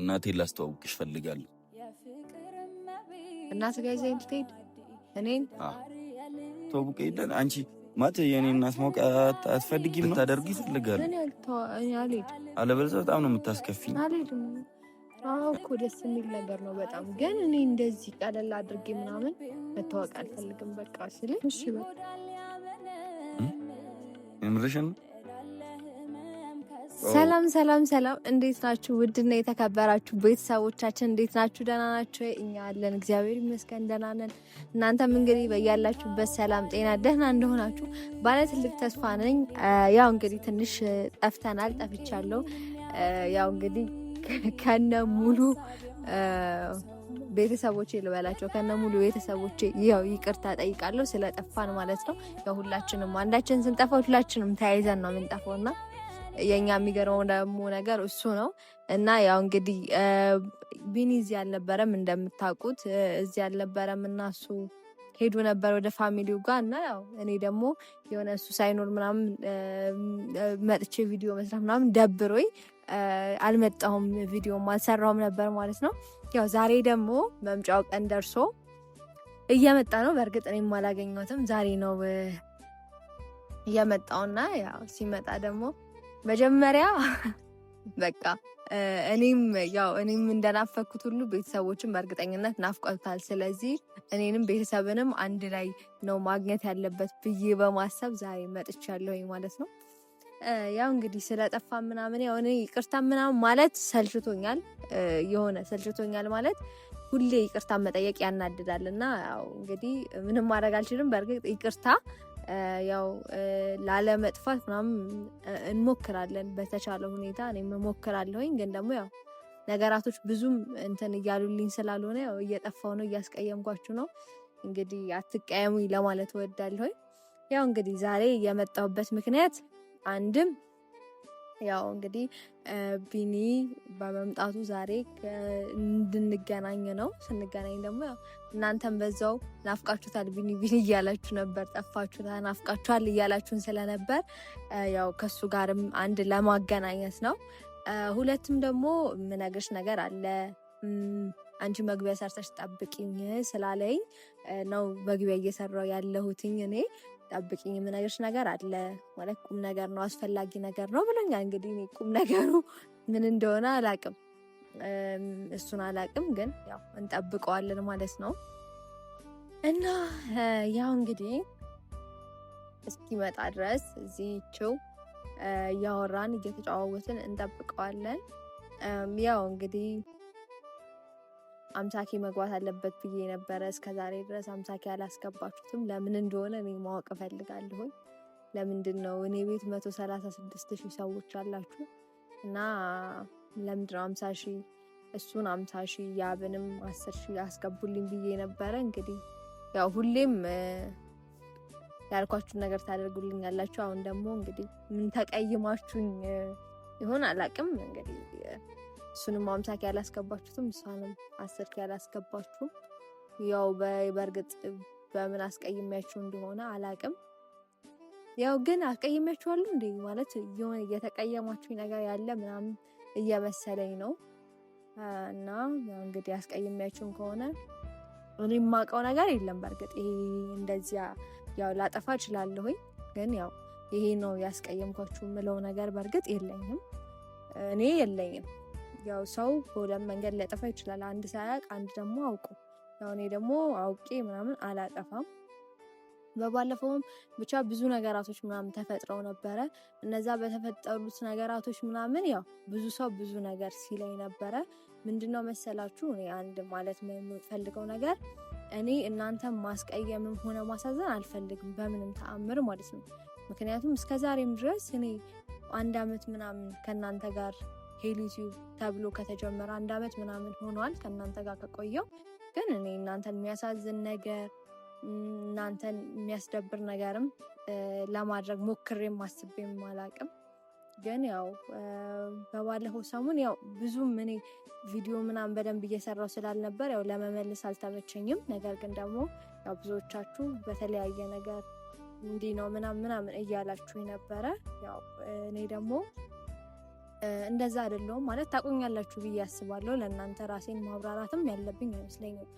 እናቴ ላስተዋውቅሽ እፈልጋለሁ። እናት ጋር ይዘኝ ልትሄድ እኔን ተውቅ ይለን አንቺ ማት የኔ እናት ማወቅ አትፈልጊ ምታደርግ ይፈልጋል። አለበለዚያ በጣም ነው የምታስከፊኝ። አዎ እኮ ደስ የሚል ነገር ነው በጣም ግን እኔ እንደዚህ ቀለል አድርጌ ምናምን መታወቅ አልፈልግም። በቃ ስል እሺ በቃ እምርሽን ሰላም ሰላም ሰላም፣ እንዴት ናችሁ? ውድና የተከበራችሁ ቤተሰቦቻችን እንዴት ናችሁ? ደህና ናችሁ? እኛ አለን፣ እግዚአብሔር ይመስገን ደህና ነን። እናንተም እንግዲህ በያላችሁበት ሰላም፣ ጤና፣ ደህና እንደሆናችሁ ባለ ትልቅ ተስፋ ነኝ። ያው እንግዲህ ትንሽ ጠፍተናል፣ ጠፍቻለሁ። ያው እንግዲህ ከነ ሙሉ ቤተሰቦቼ ልበላቸው ከነ ሙሉ ቤተሰቦቼ ያው ይቅርታ ጠይቃለሁ፣ ስለጠፋን ማለት ነው። ያው ሁላችንም አንዳችን ስንጠፋ ሁላችንም ተያይዘን ነው የምንጠፋውና የኛ የሚገርመው ደግሞ ነገር እሱ ነው እና ያው እንግዲህ ቢኒ እዚህ አልነበረም እንደምታውቁት፣ እዚህ አልነበረም እና እሱ ሄዱ ነበር ወደ ፋሚሊው ጋር እና ያው እኔ ደግሞ የሆነ እሱ ሳይኖር ምናምን መጥቼ ቪዲዮ መስራት ምናምን ደብሮኝ አልመጣሁም፣ ቪዲዮም አልሰራሁም ነበር ማለት ነው። ያው ዛሬ ደግሞ መምጫው ቀን ደርሶ እየመጣ ነው። በእርግጥ እኔም አላገኘሁትም ዛሬ ነው እየመጣውና ያው ሲመጣ ደግሞ መጀመሪያ በቃ እኔም ያው እኔም እንደናፈኩት ሁሉ ቤተሰቦችን በእርግጠኝነት ናፍቆታል። ስለዚህ እኔንም ቤተሰብንም አንድ ላይ ነው ማግኘት ያለበት ብዬ በማሰብ ዛሬ መጥቻለሁኝ ማለት ነው። ያው እንግዲህ ስለጠፋ ምናምን ያው እኔ ይቅርታ ምናምን ማለት ሰልችቶኛል፣ የሆነ ሰልችቶኛል ማለት ሁሌ ይቅርታ መጠየቅ ያናድዳል እና ያው እንግዲህ ምንም ማድረግ አልችልም። በእርግጥ ይቅርታ ያው ላለመጥፋት ምናምን እንሞክራለን። በተቻለ ሁኔታ እኔም እሞክራለሁኝ። ግን ደግሞ ያው ነገራቶች ብዙም እንትን እያሉልኝ ስላልሆነ ያው እየጠፋው ነው፣ እያስቀየምኳችሁ ነው። እንግዲህ አትቀየሙኝ ለማለት እወዳለሁኝ። ያው እንግዲህ ዛሬ የመጣሁበት ምክንያት አንድም ያው እንግዲህ ቢኒ በመምጣቱ ዛሬ እንድንገናኝ ነው። ስንገናኝ ደግሞ እናንተም በዛው ናፍቃችሁታል ቢኒ ቢኒ እያላችሁ ነበር፣ ጠፋችሁ ናፍቃችኋል እያላችሁን ስለነበር ያው ከሱ ጋርም አንድ ለማገናኘት ነው። ሁለትም ደግሞ ምነግርሽ ነገር አለ አንቺ መግቢያ ሰርተሽ ጠብቂኝ ስላለኝ ነው መግቢያ እየሰራው ያለሁትኝ እኔ ጠብቂኝ የምነግርሽ ነገር አለ ማለት ቁም ነገር ነው፣ አስፈላጊ ነገር ነው ብሎኛል። እንግዲህ ቁም ነገሩ ምን እንደሆነ አላቅም። እሱን አላቅም፣ ግን ያው እንጠብቀዋለን ማለት ነው። እና ያው እንግዲህ እስኪመጣ ድረስ እዚህችው እያወራን እየተጫዋወትን እንጠብቀዋለን። ያው እንግዲህ አምሳኬ መግባት አለበት ብዬ ነበረ። እስከዛሬ ድረስ አምሳኬ አላስገባችሁትም። ለምን እንደሆነ እኔ ማወቅ እፈልጋለሁኝ። ለምንድን ነው እኔ ቤት መቶ ሰላሳ ስድስት ሺህ ሰዎች አላችሁ እና ለምንድነው አምሳ ሺህ እሱን አምሳ ሺህ ያብንም አስር ሺህ አስገቡልኝ ብዬ ነበረ። እንግዲህ ያው ሁሌም ያልኳችሁን ነገር ታደርጉልኝ ያላችሁ አሁን ደግሞ እንግዲህ ምን ተቀይማችሁኝ ይሆን አላቅም። እንግዲህ እሱንም አምሳ ኪ ያላስገባችሁትም እሷንም አስር ኪ ያላስገባችሁም ያው በእርግጥ በምን አስቀይሚያችሁ እንደሆነ አላቅም። ያው ግን አስቀይሚያችኋሉ እንዴ ማለት የሆነ እየተቀየማችሁኝ ነገር ያለ ምናምን እየመሰለኝ ነው። እና እንግዲህ ያስቀይሚያችሁን ከሆነ እኔ የማውቀው ነገር የለም። በእርግጥ ይሄ እንደዚያ ያው ላጠፋ እችላለሁኝ፣ ግን ያው ይሄ ነው ያስቀየምኳችሁ የምለው ነገር በእርግጥ የለኝም። እኔ የለኝም። ያው ሰው በሁለት መንገድ ሊያጠፋ ይችላል። አንድ ሳያውቅ፣ አንድ ደግሞ አውቁ። ያው እኔ ደግሞ አውቄ ምናምን አላጠፋም። በባለፈውም ብቻ ብዙ ነገራቶች ምናምን ተፈጥረው ነበረ። እነዛ በተፈጠሩት ነገራቶች ምናምን ያው ብዙ ሰው ብዙ ነገር ሲለኝ ነበረ። ምንድነው መሰላችሁ እኔ አንድ ማለት የምፈልገው ነገር እኔ እናንተ ማስቀየምም ሆነ ማሳዘን አልፈልግም በምንም ተአምር ማለት ነው። ምክንያቱም እስከ ዛሬም ድረስ እኔ አንድ አመት ምናምን ከእናንተ ጋር ሄሊዩ ተብሎ ከተጀመረ አንድ አመት ምናምን ሆኗል ከእናንተ ጋር ከቆየው ግን እኔ እናንተን የሚያሳዝን ነገር እናንተን የሚያስደብር ነገርም ለማድረግ ሞክሬም አስቤም አላቅም። ግን ያው በባለፈው ሰሞን ያው ብዙም እኔ ቪዲዮ ምናምን በደንብ እየሰራው ስላልነበር ያው ለመመልስ አልተመቸኝም። ነገር ግን ደግሞ ያው ብዙዎቻችሁ በተለያየ ነገር እንዲህ ነው ምናምን ምናምን እያላችሁ ነበረ። ያው እኔ ደግሞ እንደዛ አይደለሁም ማለት ታቆኛላችሁ ብዬ አስባለሁ። ለእናንተ ራሴን ማብራራትም ያለብኝ አይመስለኝም።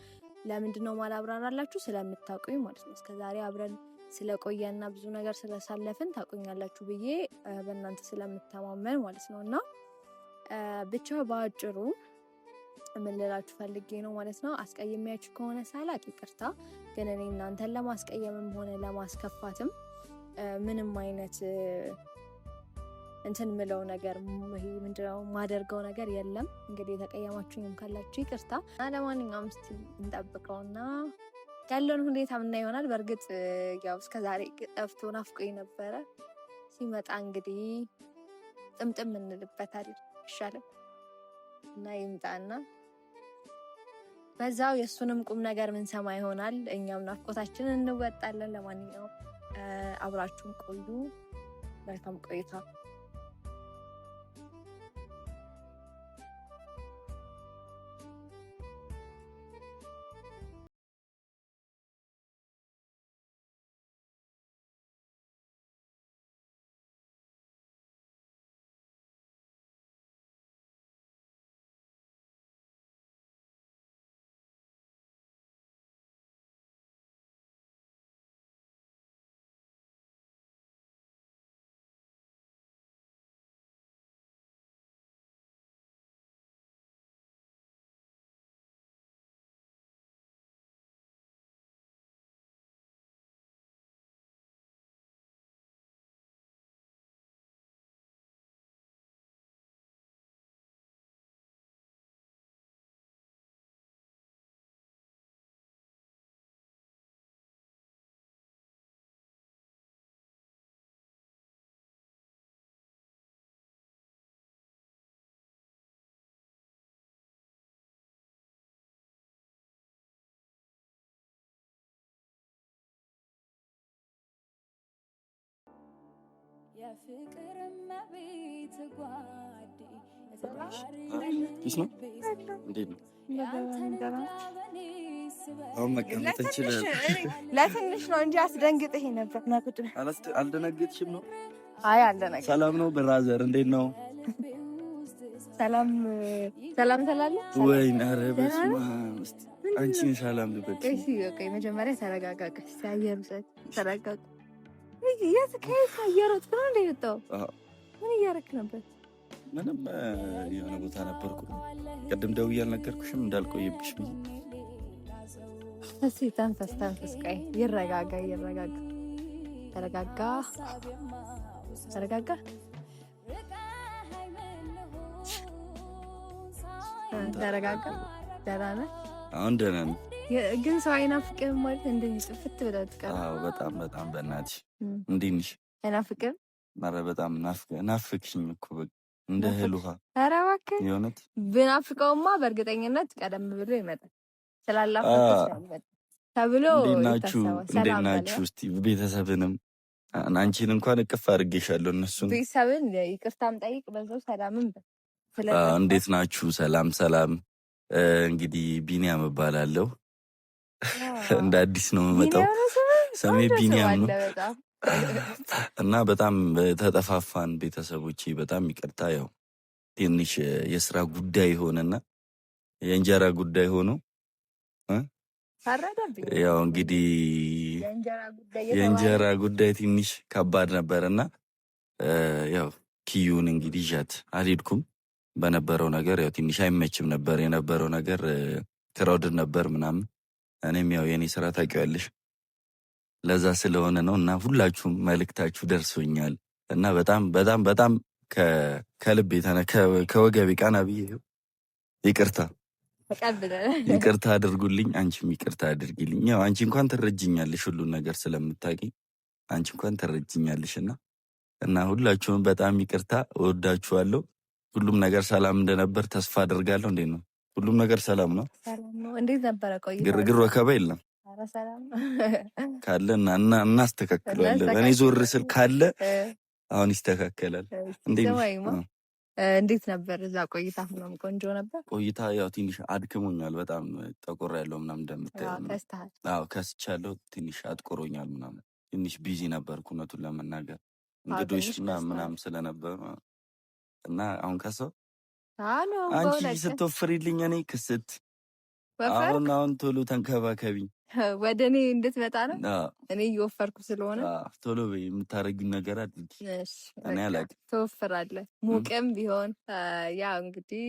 ለምንድን ነው ማላብራራላችሁ? ስለምታውቁኝ ማለት ነው። እስከዛሬ አብረን ስለቆየና ብዙ ነገር ስለሳለፍን ታቆኛላችሁ ብዬ በእናንተ ስለምተማመን ማለት ነው። እና ብቻ በአጭሩ የምንላችሁ ፈልጌ ነው ማለት ነው። አስቀየሚያችሁ ከሆነ ሳላቅ ይቅርታ። ግን እኔ እናንተን ለማስቀየምም ሆነ ለማስከፋትም ምንም አይነት እንትን ምለው ነገር ምንድነው ማደርገው ነገር የለም። እንግዲህ የተቀየማችሁኝም ካላችሁ ይቅርታ። ለማንኛውም እስኪ እንጠብቀውና ያለውን ሁኔታ ምና ይሆናል። በእርግጥ ያው እስከዛሬ ጠፍቶ ናፍቆኝ ነበረ። ሲመጣ እንግዲህ ጥምጥም አይደል ይሻላል እና ይምጣና በዛው የእሱንም ቁም ነገር ምንሰማ ይሆናል። እኛም ናፍቆታችንን እንወጣለን። ለማንኛውም አብራችሁን ቆዩ። መልካም ቆይታ የፍቅር መቤት ጓዴ አሁን ለትንሽ ነው እንጂ አስደንግጥህ ነበር። አልደነግጥሽም ነው? አይ አልደነግጥም። ሰላም ነው ብራዘር፣ እንዴት ነው? ሰላም ሰላም ትላለህ ኧረ በስመ አብ አንቺን ሰላም ልበል። እሺ መጀመሪያ ተረጋጋ። ሲያየር ተረጋጋ የት ከየት እየሮጥክ ነው እንደ የወጣው? ምን ነበር? ምንም የሆነ ቦታ ነበርኩ። ቅድም ደውዬ አልነገርኩሽም እንዳልቆየብሽ። እስኪ ተንፈስ ተንፈስ። ቆይ ይረጋጋ ይረጋጋ። ተረጋጋ ተረጋጋ። ተረጋጋ። ደህና ነህ? አሁን ደህና ነኝ። ግን ሰው አይናፍቅህም ማለት እንደዚህ ጥፍት ብለህ በጣም በጣም በእናትሽ እንዴት ነሽ? አይናፍቅም? ኧረ በጣም ናፍቅሽኝ እኮ እንደ እህል ውሃ። ኧረ እባክህ የእውነት ብናፍቀውማ በእርግጠኝነት ቀደም ብሎ ይመጣል። ስላላፈቀሽ ተብሎ እንዴት ናችሁ? እስቲ ቤተሰብንም አንቺን እንኳን እቅፍ አድርጌሻለሁ። እነሱን ቤተሰብን ይቅርታም ጠይቅ፣ በዛው ሰላምም እንዴት ናችሁ? ሰላም ሰላም። እንግዲህ ቢኒያም እባላለሁ። እንደ አዲስ ነው የምመጣው። ስሜ ቢኒያም ነው። እና በጣም ተጠፋፋን ቤተሰቦቼ። በጣም ይቅርታ ያው ትንሽ የስራ ጉዳይ ሆነና የእንጀራ ጉዳይ ሆኖ ያው እንግዲህ የእንጀራ ጉዳይ ትንሽ ከባድ ነበርና ያው ኪዩን እንግዲህ ይዣት አልሄድኩም። በነበረው ነገር ያው ትንሽ አይመችም ነበር የነበረው ነገር ክራውድ ነበር ምናምን። እኔም ያው የኔ ስራ ታውቂዋለሽ ለዛ ስለሆነ ነው እና ሁላችሁም መልእክታችሁ ደርሶኛል እና በጣም በጣም በጣም ከልብ የተነ ከወገብ ቃና ብዬ ይቅርታ ይቅርታ አድርጉልኝ። አንቺም ይቅርታ አድርጊልኝ። ያው አንቺ እንኳን ትረጅኛለሽ ሁሉን ነገር ስለምታቂ አንቺ እንኳን ትረጅኛለሽ እና እና ሁላችሁም በጣም ይቅርታ እወዳችኋለሁ። ሁሉም ነገር ሰላም እንደነበር ተስፋ አድርጋለሁ። እንዴት ነው? ሁሉም ነገር ሰላም ነው? ግርግር ወከባ የለም። ካለ እናስተካክለዋለን። እኔ ዞር ስል ካለ አሁን ይስተካከላል። እንዴት ነበር እዛ ቆይታ? ምናምን ቆንጆ ነበር ቆይታ። ያው ትንሽ አድክሞኛል፣ በጣም ጠቆር ያለው ምናም እንደምታየው ከስቻለው፣ ትንሽ አጥቆሮኛል ምናም ትንሽ ቢዚ ነበርኩ እውነቱን ለመናገር እንግዶች ምናም ስለነበር እና አሁን ከሰው አንቺ ስትወፍሪልኝ እኔ ክስት አሁን አሁን ቶሎ ተንከባከቢኝ ወደ እኔ እንድትመጣ ነው። እኔ እየወፈርኩ ስለሆነ ቶሎ የምታደርጊውን ነገር አድርጊ። ትወፍራለህ። ሙቅም ቢሆን ያው እንግዲህ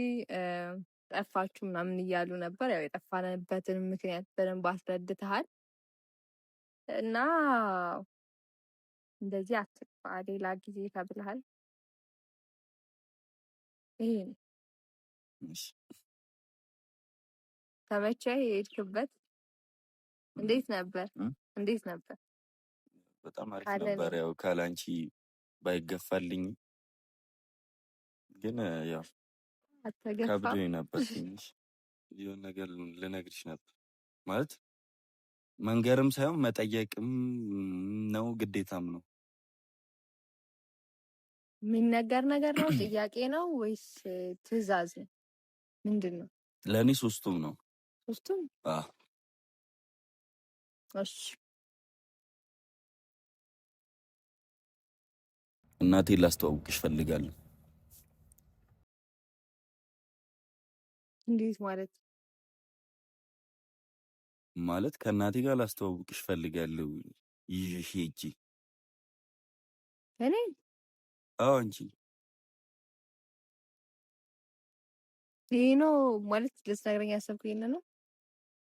ጠፋችሁ ምናምን እያሉ ነበር። ያው የጠፋንበትን ምክንያት በደንብ አስረድተሃል እና እንደዚህ አትጥፋ፣ ሌላ ጊዜ ተብልሃል። ይሄ ነው ተመቸህ የሄድክበት እንዴት ነበር? እንዴት ነበር? በጣም አሪፍ ነበር። ያው ካላንቺ ባይገፋልኝ ግን ያው ከብዶኝ ነበር። ትንሽ የሆነ ነገር ልነግርሽ ነበር ማለት መንገርም ሳይሆን መጠየቅም ነው ግዴታም ነው። የሚነገር ነገር ነው። ጥያቄ ነው ወይስ ትዕዛዝ ምንድን ነው? ለእኔ ሶስቱም ነው። ሶስቱም እናቴ ላስተዋውቅሽ ፈልጋለሁ እንዴት ማለት? ማለት ከእናቴ ጋር ላስተዋውቅሽ ፈልጋለሁ። ይዤሽ ሄጂ እኔ? አዎ አንቺ። ይሄ ነው ማለት ልትነግረኝ ያሰብኩ ይሄን ነው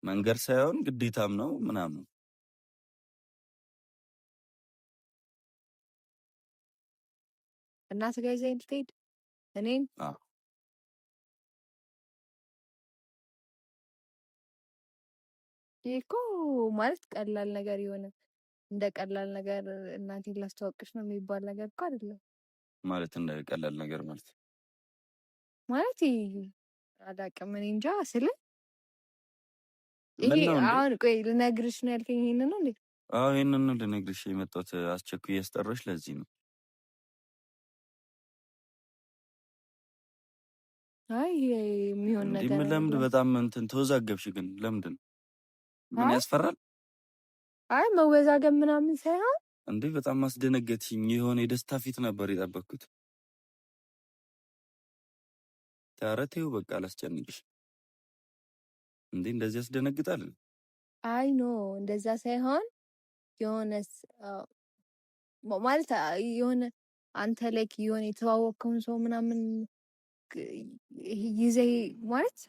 መንገድ ሳይሆን ግዴታም ነው ምናምን እናት ጋር ይዘኝ ልትሄድ እኔን ይህ እኮ ማለት ቀላል ነገር የሆነ እንደ ቀላል ነገር እናቴን ላስተዋወቅሽ ነው የሚባል ነገር እኮ አይደለም። ማለት እንደ ቀላል ነገር ማለት ማለት አላቅም እኔ እንጃ ስልህ ይሄ አሁን ቆይ ልነግርሽ ነው ያልከኝ ይሄንን ነው እንዴ? አዎ ይሄንን ነው ልነግርሽ የመጣሁት። አስቸኩይ ያስጠራሽ ለዚህ ነው። አይ የሚሆን ነገር ለምድ በጣም እንትን ተወዛገብሽ። ግን ለምንድን ነው ምን ያስፈራል? አይ መወዛገብ ምናምን ሳይሆን እንዴ በጣም አስደነገጥሽኝ። የሆነ የደስታ ፊት ነበር የጠበቅኩት። ኧረ ተይው በቃ አላስጨንቅሽ እንዴ እንደዚህ ያስደነግጣል። አይ ኖ እንደዛ ሳይሆን የሆነስ ማለት የሆነ አንተ ላይክ የሆነ የተዋወቅከውን ሰው ምናምን ይዘ ማለት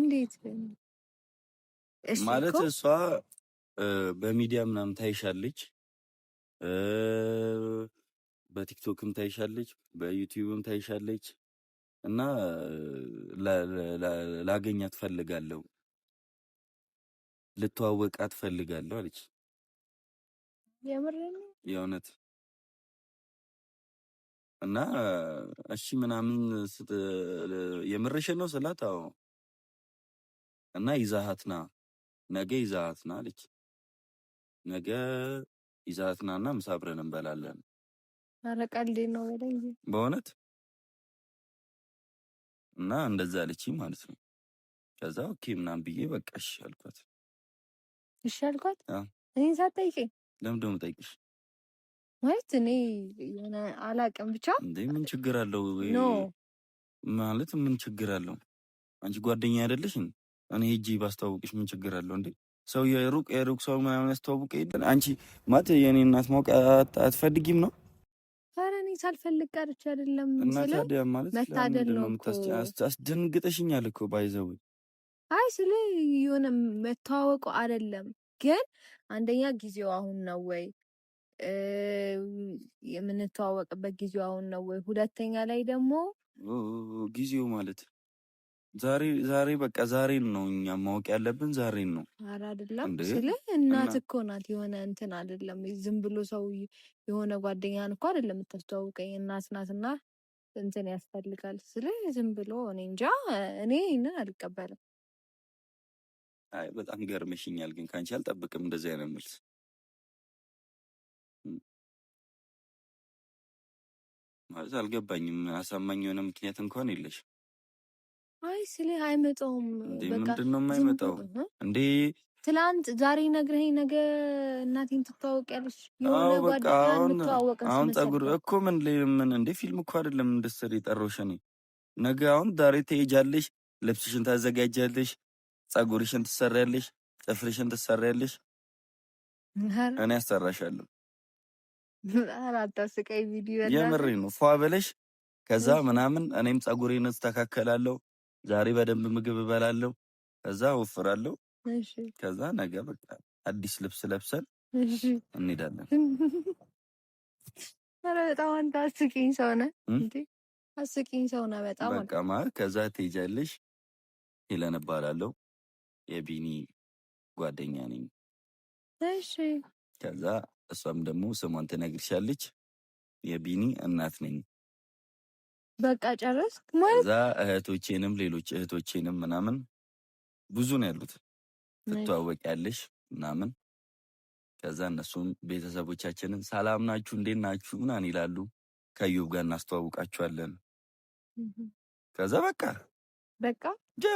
እንዴት ማለት እሷ በሚዲያ ምናምን ታይሻለች፣ በቲክቶክም ታይሻለች፣ በዩቲዩብም ታይሻለች እና ላገኛት ፈልጋለሁ፣ ልተዋወቃት ፈልጋለሁ አለች። የእውነት እና እሺ ምናምን የምርሽን ነው ስላት፣ አዎ እና ይዛሃትና ነገ ይዛሃትና አለች። ነገ ይዛሃት ና እና ምሳ አብረን እንበላለን። ኧረ ቀልዴ ነው በለኝ በእውነት እና እንደዛ አለችኝ ማለት ነው። ከዛ ኦኬ ምናምን ብዬ በቃ እሺ አልኳት። እሺ አልኳት። እኔን ሳትጠይቀኝ ለምን ደግሞ ጠይቅሽ ማለት እኔ የሆነ አላቅም ብቻ እን ምን ችግር አለው ማለት ምን ችግር አለው? አንቺ ጓደኛ አይደለሽ? እኔ ሄጄ ባስተዋውቅሽ ምን ችግር አለው እንዴ? ሰው የሩቅ የሩቅ ሰው ምናምን ያስተዋውቅ። አንቺ ማለት የእኔ እናት ማወቅ አትፈልጊም ነው ሳልፈልግ ቀርቼ አይደለም መታደል ነው። አስደንግጠሽኛል እኮ ባይዘው። አይ ስለ የሆነ መተዋወቁ አይደለም ግን አንደኛ ጊዜው አሁን ነው ወይ የምንተዋወቅበት ጊዜው አሁን ነው ወይ፣ ሁለተኛ ላይ ደግሞ ጊዜው ማለት ዛሬ ዛሬ በቃ ዛሬን ነው እኛ ማወቅ ያለብን፣ ዛሬን ነው። ኧረ አይደለም ስለ እናት እኮ ናት። የሆነ እንትን አይደለም ዝም ብሎ ሰው የሆነ ጓደኛን እኮ አይደለም የምታስተዋውቀኝ፣ እናት ናትና እንትን ያስፈልጋል። ስለ ዝም ብሎ እኔ እንጃ፣ እኔ ይህንን አልቀበልም። አይ በጣም ገርመሽኛል፣ ግን ከአንቺ አልጠብቅም እንደዚህ አይነት መልስ። ማለት አልገባኝም። አሳማኝ የሆነ ምክንያት እንኳን የለሽ አይ ስለ አይመጣውም። ምንድን ነው የማይመጣው እንዴ? ትላንት ዛሬ ነግረኸኝ ነገ እናቴን ትተዋወቂያለሽ የሆነ ጓደኛህን አሁን ጸጉር እኮ ምን ምን እንዴ? ፊልም እኮ አይደለም እንድትሰሪ የጠራሁሽ እኔ። ነገ አሁን ዛሬ ትሄጃለሽ፣ ልብስሽን ታዘጋጃለሽ፣ ጸጉርሽን ትሰሪያለሽ፣ ጥፍርሽን ትሰሪያለሽ። እኔ አሰራሻለሁ። አታስቀኝ። ቪዲዮ የምሬ ነው። ፏ በለሽ ከዛ ምናምን እኔም ጸጉሬን እስተካከላለሁ ዛሬ በደንብ ምግብ እበላለሁ፣ ከዛ ወፍራለሁ፣ ከዛ ነገ በቃ አዲስ ልብስ ለብሰን እንሄዳለን። ኧረ በጣም አንተ አስቂኝ ሰው ነህ፣ አስቂኝ ሰው ነህ በጣም በቃ ማለት ከዛ ትሄጃለሽ። ሄለን እባላለሁ የቢኒ ጓደኛ ነኝ። እሺ ከዛ እሷም ደግሞ ስሟን ትነግርሻለች። የቢኒ እናት ነኝ። በቃ ጨረስክ ማለት እዛ እህቶቼንም ሌሎች እህቶቼንም ምናምን ብዙ ነው ያሉት ትተዋወቅ ያለሽ ምናምን ከዛ እነሱም ቤተሰቦቻችንን ሰላም ናችሁ እንዴት ናችሁ ምናን ይላሉ። ከዩብ ጋር እናስተዋውቃችኋለን። ከዛ በቃ በቃ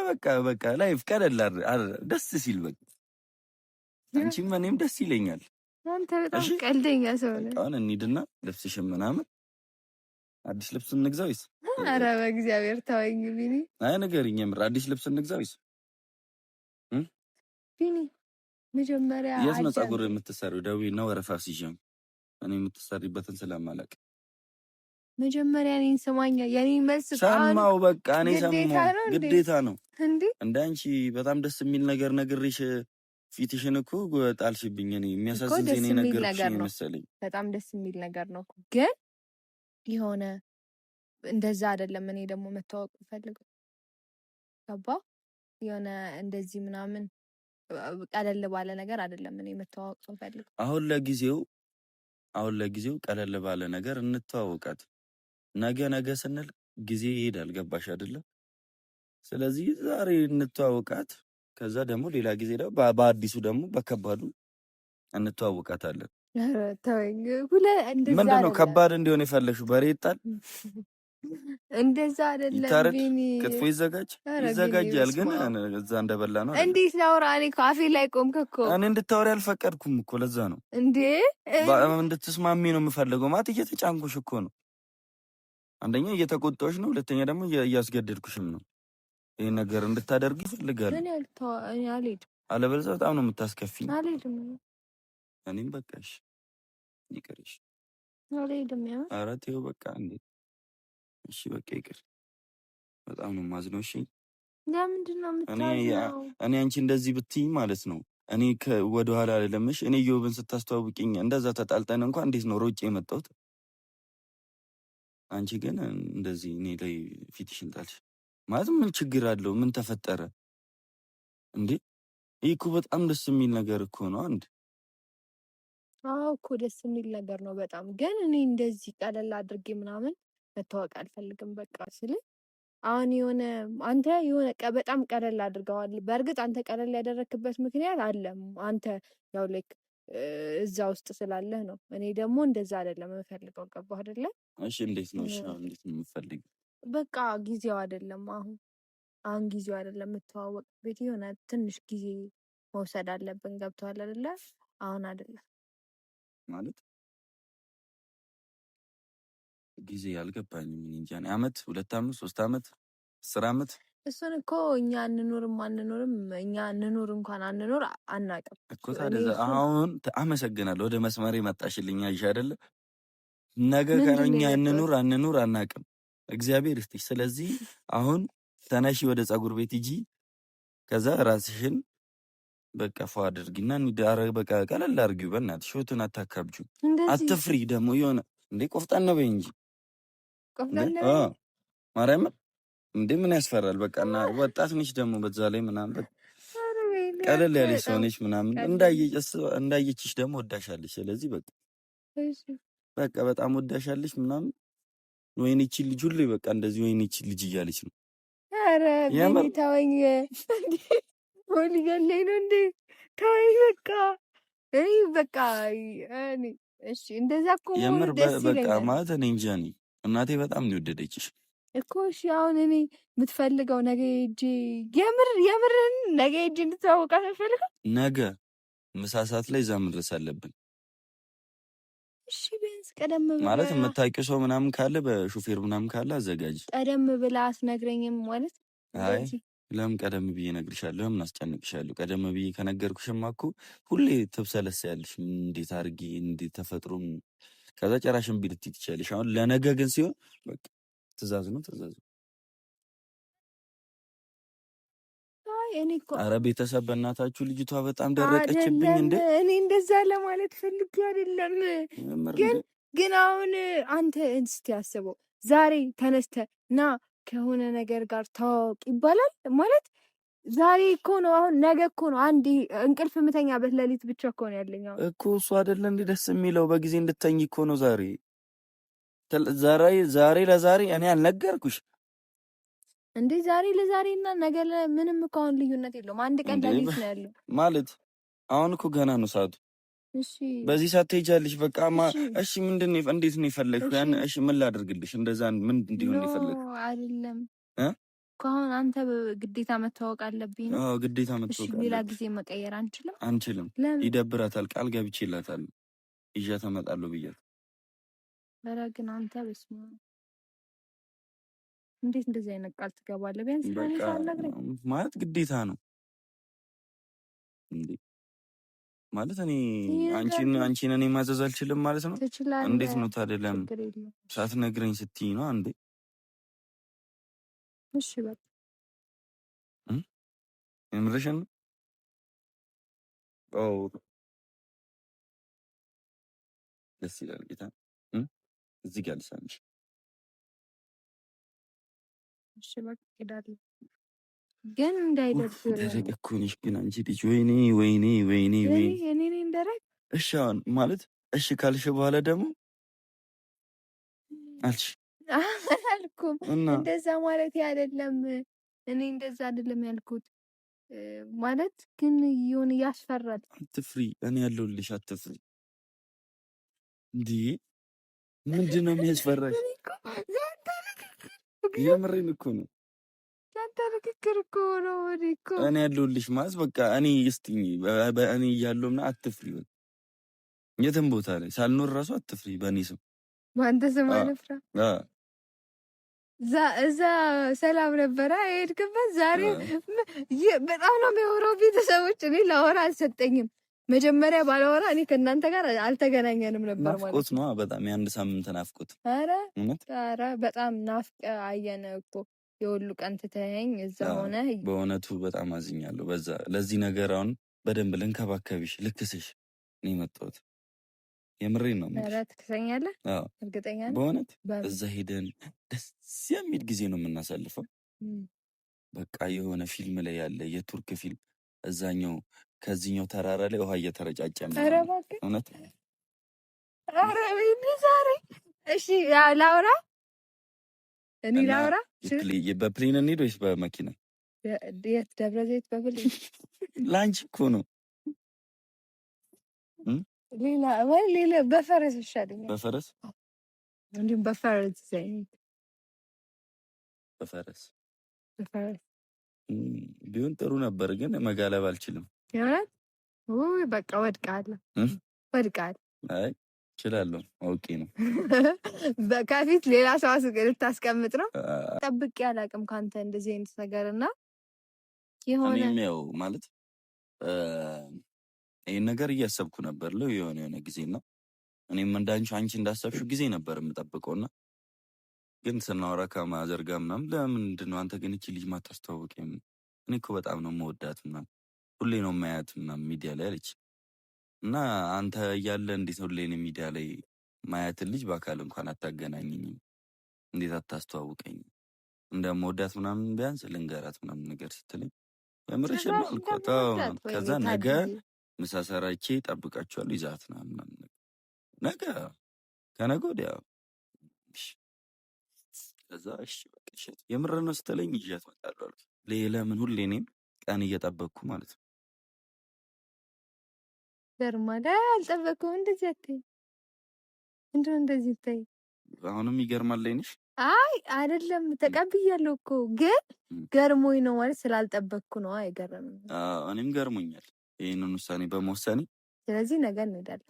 በቃ በቃ ላይፍ ቀለል ደስ ሲል በቃ አንቺም እኔም ደስ ይለኛል። አንተ በጣም ቀልደኛ ሰው ነህ። አሁን እንሂድና ልብስሽን ምናምን አዲስ ልብስ እንግዛ ወይስ? ኧረ በእግዚአብሔር ተወኝ ቢኒ። አይ ንገሪኝ፣ የምር አዲስ ልብስ እንግዛ ወይስ? ቢኒ መጀመሪያ የት ነው ፀጉር የምትሰሪው? ነው ወረፋ ሲጀም እኔ የምትሰሪበትን ስለማላውቅ መጀመሪያ እኔን ስማኝ። የኔ መልስ ሰማው፣ በቃ እኔ ሰማው። ግዴታ ነው እንዴ? እንዳንቺ በጣም ደስ የሚል ነገር ነግሬሽ ፊትሽን እኮ ጣልሽብኝ። እኔ የሚያሳዝን ነገር ነው። በጣም ደስ የሚል ነገር ነው ግን የሆነ እንደዛ አይደለም። እኔ ደግሞ መታወቅ ፈልገው ገባ የሆነ እንደዚህ ምናምን ቀለል ባለ ነገር አይደለም እኔ መታወቅ የምፈልገው። አሁን ለጊዜው አሁን ለጊዜው ቀለል ባለ ነገር እንተዋወቃት። ነገ ነገ ስንል ጊዜ ይሄዳል። ገባሽ አይደለም? ስለዚህ ዛሬ እንተዋወቃት። ከዛ ደግሞ ሌላ ጊዜ ደግሞ በአዲሱ ደግሞ በከባዱ እንተዋወቃታለን። ምንድን ነው ከባድ እንዲሆን የፈለግሽው? በሬ ይጣል እንደዛ አይደለም። ክትፎ ይዘጋጅ ይዘጋጃል፣ ግን እዛ እንደበላ ነው። እንዴት ላውራ? እኔ ካፌ ላይ ቆምክ እኮ። እኔ እንድታወሪ አልፈቀድኩም እኮ ለዛ ነው እንዴ እንድትስማሚ ነው የምፈልገው። ማለት እየተጫንኩሽ እኮ ነው። አንደኛ እየተቆጣሁሽ ነው፣ ሁለተኛ ደግሞ እያስገደድኩሽም ነው። ይህ ነገር እንድታደርግ ይፈልጋል። አለበለዚያ በጣም ነው የምታስከፊኝ። እኔም በቃሽ ይቅርሽ። አልሄድም። ያ በቃ እንዴ! እሺ በቃ ይቅር። በጣም ነው ማዝነው። እሺ እኔ አንቺ እንደዚህ ብትይ ማለት ነው እኔ ወደኋላ አልለምሽ። እኔ ዮብን ስታስተዋውቅኝ እንደዛ ተጣልጠን እንኳን እንዴት ነው ሮጬ የመጣሁት። አንቺ ግን እንደዚህ እኔ ላይ ፊትሽን ጣልሽ ማለት ምን ችግር አለው? ምን ተፈጠረ እንዴ? ይህ እኮ በጣም ደስ የሚል ነገር እኮ ነው። አንድ እኮ ደስ የሚል ነገር ነው በጣም ግን እኔ እንደዚህ ቀለል አድርጌ ምናምን መታወቅ አልፈልግም። በቃ ስል አሁን የሆነ አንተ የሆነ በጣም ቀለል አድርገዋል። በእርግጥ አንተ ቀለል ያደረክበት ምክንያት አለም። አንተ ያው ላይክ እዛ ውስጥ ስላለህ ነው። እኔ ደግሞ እንደዛ አይደለም የምፈልገው። ገባ አይደለ? እሺ፣ እንዴት ነው? እንዴት ነው የምፈልገው? በቃ ጊዜው አይደለም አሁን አሁን ጊዜው አይደለም። የምተዋወቅ ቤት የሆነ ትንሽ ጊዜ መውሰድ አለብን። ገብተዋል አይደለ? አሁን አይደለም ማለት ጊዜ አልገባኝም። እንጃ አመት፣ ሁለት አመት፣ ሶስት አመት፣ አስር አመት እሱን እኮ እኛ እንኖርም አንኖርም እኛ እንኖር እንኳን አንኖር አናቅም እኮ ታዲያ። አሁን አመሰግናለሁ ወደ መስመር መጣሽልኛ። ይሽ አይደለ ነገ እኛ እንኖር አንኖር አናውቅም። እግዚአብሔር ይስጥሽ። ስለዚህ አሁን ተነሺ፣ ወደ ፀጉር ቤት ሂጂ፣ ከዛ ራስሽን በቃ ፎ አድርጊና ኧረ በቃ ቀለል አድርጊው። በእናትሽ ሽወትን አታካብጁ። አትፍሪ። ደግሞ የሆነ እንዴ ቆፍጣን ነው በይ እንጂ ማርያምን እንዴ ምን ያስፈራል? በቃ እና ወጣት ነች ደግሞ በዛ ላይ ምናምን ቀለል ያለች ሰው ነች ምናምን እንዳየችሽ ደግሞ ወዳሻለች። ስለዚህ በቃ በቃ በጣም ወዳሻለች ምናምን ወይኔችን ልጅ ሁሉ በቃ እንደዚህ ወይኔችን ልጅ እያለች ነው። ኧረ ተወኝ ሊገለኝ ነው እንዴ? ታይ በቃ። እኔ በቃ እኔ እሺ፣ እንደዛ እኮ የምር በቃ ማለት እኔ እንጃ። እኔ እናቴ በጣም ነው የወደደችሽ እኮ። እሺ፣ አሁን እኔ የምትፈልገው ነገ ሂጅ፣ የምር የምርን ነገ ሂጅ እንድትዋወቃ ፈልገው። ነገ ምሳ ሰዓት ላይ እዛ መድረስ አለብን። እሺ ቢያንስ ቀደም ብላ ማለት የምታውቂው ሰው ምናምን ካለ በሹፌር ምናምን ካለ አዘጋጅ። ቀደም ብላ አትነግረኝም ማለት? አይ ለምን ቀደም ብዬ እነግርሻለሁ? ለምን አስጨንቅሻለሁ? ቀደም ብዬ ከነገርኩሽማ እኮ ሁሌ ትብሰለስ ያለሽ እንዴት አድርጊ እንዴት ተፈጥሮም ከዛ ጨራሽን ቢልት ትችያለሽ። አሁን ለነገ ግን ሲሆን በቃ ትእዛዝ ነው ትእዛዝ። አረ ቤተሰብ በእናታችሁ ልጅቷ በጣም ደረቀችብኝ። እንደ እኔ እንደዛ ለማለት ፈልጌ አይደለም፣ ግን ግን አሁን አንተ እስኪ አስበው ዛሬ ተነስተ ና ከሆነ ነገር ጋር ተዋወቅ ይባላል ማለት ዛሬ እኮ ነው። አሁን ነገ እኮ ነው። አንድ እንቅልፍ የምተኛበት ሌሊት ብቻ እኮ ነው ያለኝ እኮ። እሱ አይደለ እንዲህ ደስ የሚለው በጊዜ እንድተኝ እኮ ነው። ዛሬ ዛሬ ለዛሬ እኔ አልነገርኩሽ እንዴ? ዛሬ ለዛሬ እና ነገ ምንም እኮ አሁን ልዩነት የለውም። አንድ ቀን ለሊት ነው ያለው ማለት። አሁን እኮ ገና ነው ሰዓቱ። በዚህ ሰዓት ትሄጃለሽ። በቃ ማ እሺ፣ ምንድን ነው እንዴት ነው የፈለግሽው? ያን እሺ፣ ምን ላድርግልሽ? እንደዛ ምን እንዲሆን ነው የፈለግሽው? አይደለም አሁን አንተ ግዴታ መታወቅ አለብኝ ነው? አዎ ግዴታ መታወቅ አለብኝ። ሌላ ጊዜ መቀየር አንችልም፣ አንችልም። ይደብራታል። ቃል ገብቼላታለሁ፣ ይዣት እመጣለሁ ብያት። ኧረ ግን አንተ በስመ አብ እንዴት እንደዚህ አይነት ቃል ትገባለህ? ቢያንስ ማለት ግዴታ ነው እንዴ ማለት እኔ አንቺን አንቺን እኔ ማዘዝ አልችልም ማለት ነው። እንዴት ነው ታዲያ? ለምን ሳትነግረኝ ስትይ ነው? አንዴ እሺ፣ በቃ የምርሽን ነው። ደስ ይላል ጌታ። እዚህ ጋር ልሳንሽ። እሺ፣ በቃ እሄዳለሁ። ግን እንዳይደብር ግን አንቺ ልጅ። ወይኔ ወይኔ ወይኔ ወይኔ እንደረግ እሺ አሁን ማለት እሺ ካልሽ በኋላ ደግሞ አልሽ አላልኩም። እንደዛ ማለት አይደለም። እኔ እንደዛ አይደለም ያልኩት ማለት ግን ይሁን ያስፈራል። አትፍሪ፣ እኔ ያለሁልሽ አትፍሪ። እንዲህ ምንድን ነው የሚያስፈራሽ? የምሬን እኮ ነው አንተ ንግግር እኮ ነው። እኔ እኮ እኔ ያለሁልሽ ማለት በቃ እኔ እስቲ በእኔ እያለሁ ምናምን አትፍሪ፣ የትም ቦታ ላይ ሳልኖር እራሱ አትፍሪ። በእኔ ስም በአንተ ስም አልፍራ። እዛ ሰላም ነበረ የሄድክበት። ዛሬ በጣም ነው የሚያወራው። ቤተሰቦች እኔ ላወራ አልሰጠኝም። መጀመሪያ ባላወራ እኔ ከእናንተ ጋር አልተገናኘንም ነበር። ናፍቆት ነው በጣም የአንድ ሳምንት ናፍቆት። ኧረ በጣም ናፍቀ አየነ እኮ የወሉ ቀን ትተኸኝ እዛ ሆነ። በእውነቱ በጣም አዝኛለሁ። በዛ ለዚህ ነገር አሁን በደንብ ልንከባከብሽ፣ ልክስሽ ነው መጣሁት። የምሬን ነው። ትክሰኛለህ? እርግጠኛ በእውነት እዛ ሄደን ደስ የሚል ጊዜ ነው የምናሳልፈው። በቃ የሆነ ፊልም ላይ ያለ የቱርክ ፊልም እዛኛው ከዚህኛው ተራራ ላይ ውሃ እየተረጫጨ እውነት ዛሬ እሺ ላውራ እኔ ላውራ። በፕሌን እንሂድ ወይስ በመኪና? የት ደብረ ዘይት በፕሌን? እኮ ነው። ሌላ ወይ ሌላ በፈረስ ይሻለኛል። በፈረስ እንዲሁም በፈረስ ዘይት በፈረስ በፈረስ ቢሆን ጥሩ ነበር፣ ግን መጋለብ አልችልም። ይሆናል። ውይ በቃ ወድቃለሁ፣ ወድቃለሁ። አይ እችላለሁ አውቄ ነው። ከፊት ሌላ ሰው ልታስቀምጥ ነው ጠብቄ አላቅም ከአንተ እንደዚህ አይነት ነገር እና የሆነ ያው ማለት ይህን ነገር እያሰብኩ ነበር ለው የሆነ የሆነ ጊዜ እና እኔም እንዳንቺ አንቺ እንዳሰብሽው ጊዜ ነበር የምጠብቀው እና ግን ስናወራ ከማዘር ጋር ምናምን ለምንድን ነው አንተ ግን እቺ ልጅ ማታስተዋወቅ? እኔ እኮ በጣም ነው መወዳት ምናምን ሁሌ ነው ማያት ምናምን ሚዲያ ላይ አለች እና አንተ እያለ እንዴት ነው ሌን ሚዲያ ላይ ማያትን ልጅ በአካል እንኳን አታገናኘኝም? እንዴት አታስተዋውቀኝም? እንደምወዳት ምናምን ቢያንስ ልንገራት ምናምን ነገር ስትለኝ የምርሽ አልኳት። ከዛ ነገ ምሳ ሰራቼ ጠብቃችኋለሁ ይዛት ና ምናምን ነገ ከነገ ወዲያ ከዛ እሺ በቃ የምር ነው ስትለኝ ይዣት መጣለሁ አልኩት። ለምን ሁሌ እኔም ቀን እየጠበቅኩ ማለት ነው ገርማል። አልጠበቅኩም። እንደዚህ አትይ፣ እንደው እንደዚህ ታይ። አሁንም ይገርማል ላይንሽ። አይ አይደለም፣ ተቀብያለሁ እኮ ግን ገርሞኝ ነው ማለት ስላልጠበቅኩ ነው። አይገርምም። እኔም ገርሞኛል ይህንን ውሳኔ በመወሰኔ። ስለዚህ ነገር እንሄዳለን።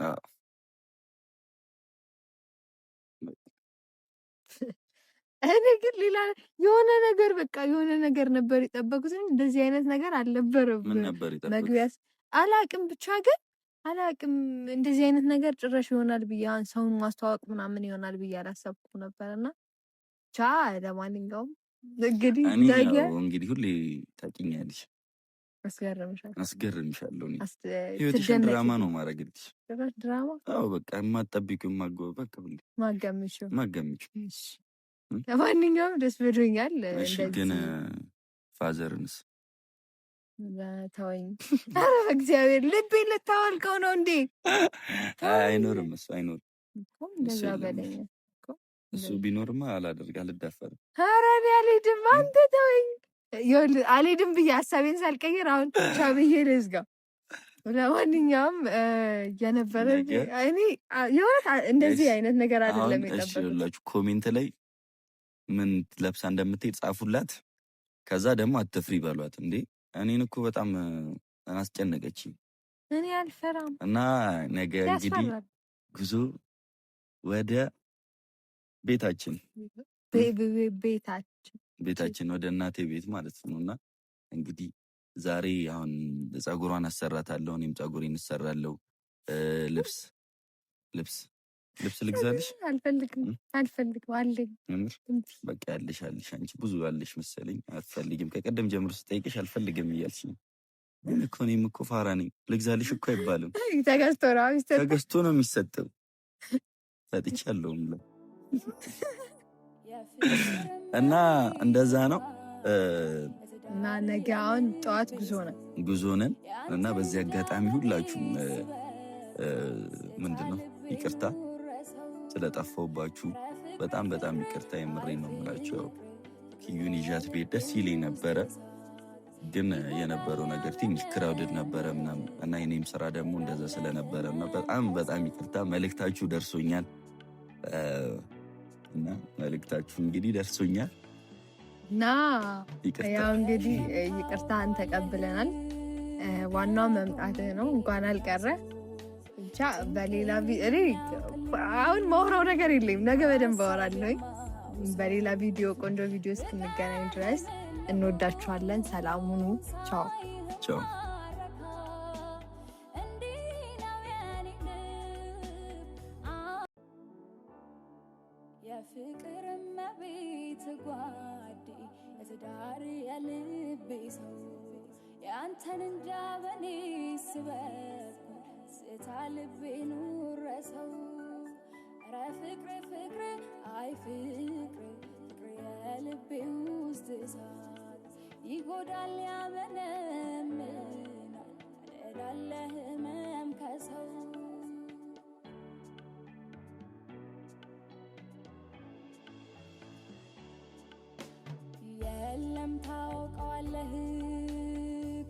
እኔ ግን ሌላ የሆነ ነገር በቃ የሆነ ነገር ነበር የጠበቁት። እንደዚህ አይነት ነገር አልነበረም። ምን ነበር መግቢያስ አላቅም ብቻ ግን አላቅም እንደዚህ አይነት ነገር ጭራሽ ይሆናል ብዬ ሰውን ማስተዋወቅ ምናምን ይሆናል ብዬ አላሰብኩ ነበር። እና ቻ ለማንኛውም እንግዲህ እንግዲህ ሁሌ ታውቂኛለሽ፣ አስገርምሻለሁ። ህይወትሽን ድራማ ነው ማድረግልሽ። ድራማ በቃ የማትጠብቂው ማገበ ማገምች። ለማንኛውም ደስ ብሎኛል። ግን ፋዘርንስ ተወኝ። ኧረ በእግዚአብሔር ልቤ ልታወልቀው ነው እንዴ? አይኖርም፣ እሱ አይኖርም። እሱ ቢኖርማ አላደርግ አልዳፈርም። ኧረ እኔ አልሄድም፣ አንተ ተወኝ። አልሄድም ብዬ ሀሳቤን ሳልቀይር አሁን ቻብዬ ልዝጋው። ለማንኛውም የነበረ እኔ የሆነት እንደዚህ አይነት ነገር አይደለም የጠበቁት። ኮሜንት ላይ ምን ለብሳ እንደምትሄድ ጻፉላት። ከዛ ደግሞ አትፍሪ በሏት እንዴ እኔን እኮ በጣም አስጨነቀች። እኔ አልፈራም እና ነገ እንግዲህ ጉዞ ወደ ቤታችን ቤታችን ቤታችን ወደ እናቴ ቤት ማለት ነው። እና እንግዲህ ዛሬ አሁን ፀጉሯን አሰራታለሁ፣ እኔም ፀጉሬን እሰራለሁ። ልብስ ልብስ ልብስ ልግዛልሽ? አልፈልግም አልፈልግም አለኝ። በቃ ያለሽ አለሽ፣ አንቺ ብዙ አለሽ መሰለኝ። አትፈልግም ከቀደም ጀምሮ ስጠይቅሽ አልፈልግም እያልሽ ነው። ግን እኮ እኔም እኮ ፋራ ነኝ። ልግዛልሽ እኮ አይባልም። ተገዝቶ ነው የሚሰጠው። ሰጥቼ አለውም እና እንደዛ ነው እና ነገ አሁን ጠዋት ጉዞ ነን ጉዞ ነን እና በዚህ አጋጣሚ ሁላችሁም ምንድን ነው ይቅርታ ስለጠፋውባችሁ በጣም በጣም ይቅርታ የምሬ ነው የምላቸው። ኪዩን ይዣት ቤት ደስ ይለኝ ነበረ፣ ግን የነበረው ነገር ትንሽ ክራውድድ ነበረ ምናምን እና የኔም ስራ ደግሞ እንደዛ ስለነበረ በጣም በጣም ይቅርታ። መልእክታችሁ ደርሶኛል እና መልእክታችሁ እንግዲህ ደርሶኛል እና ያው እንግዲህ ይቅርታን ተቀብለናል። ዋናው መምጣትህ ነው። እንኳን አልቀረ ብቻ በሌላ አሁን ማውራው ነገር የለኝም። ነገ በደንብ አወራለሁኝ። በሌላ ቪዲዮ ቆንጆ ቪዲዮ እስክንገናኝ ድረስ እንወዳችኋለን። ሰላም ሁኑ። ቻው ቻው። ያንተን እንጃ በኔ ስበር ዝምታ ልቤ ኑረሰው ረ ፍቅር ፍቅር አይ ፍቅር ፍቅር የልቤ ውስጥ እሳት ይጎዳል ያመነምናል አደዳለ ህመም ከሰው የለም ታውቀዋለህ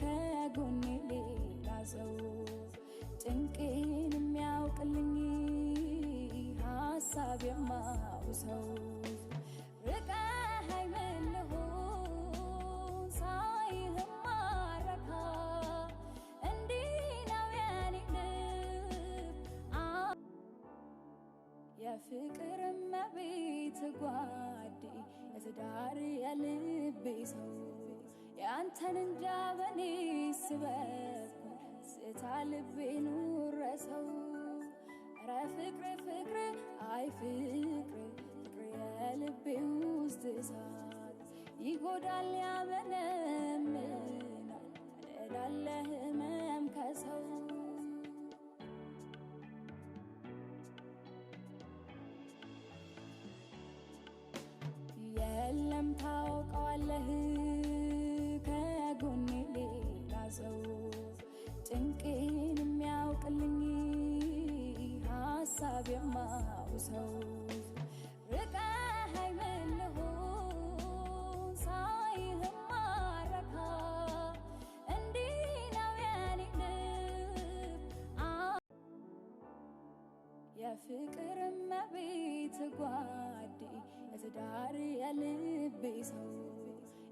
ከጎኔ ሌላ ሰው ጭንቄን የሚያውቅልኝ ሀሳብ የማውሰው ርቀኸኝ ምን ልሁን ሳይህ ማረካ እንዲህ ነው የኔ የፍቅር እመቤት ጓዴ የትዳር የልቤ ሰው የአንተን እንጃ በኔ ስበ ትታ ልቤ ኑረሰው ረ ፍቅር ፍቅር አይ ፍቅር ፍቅር የልቤ ውስጥ እሳት ይጎዳል ያመነምናል እዳለ ህመም ከሰው የለም ታውቀዋለህ ከጎኔ ሌላ ሰው ጭንቄን የሚያውቅልኝ ሀሳብ የማውሰው ሰው አይመለሆን ሳይህም ማረካ እንዲህ ነው የፍቅር መቤት ጓዴ የትዳር የልቤ ሰው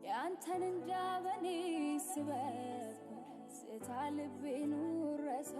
የአንተን እንጃ በኔ ስበት እታ ልቤ ኑረሰው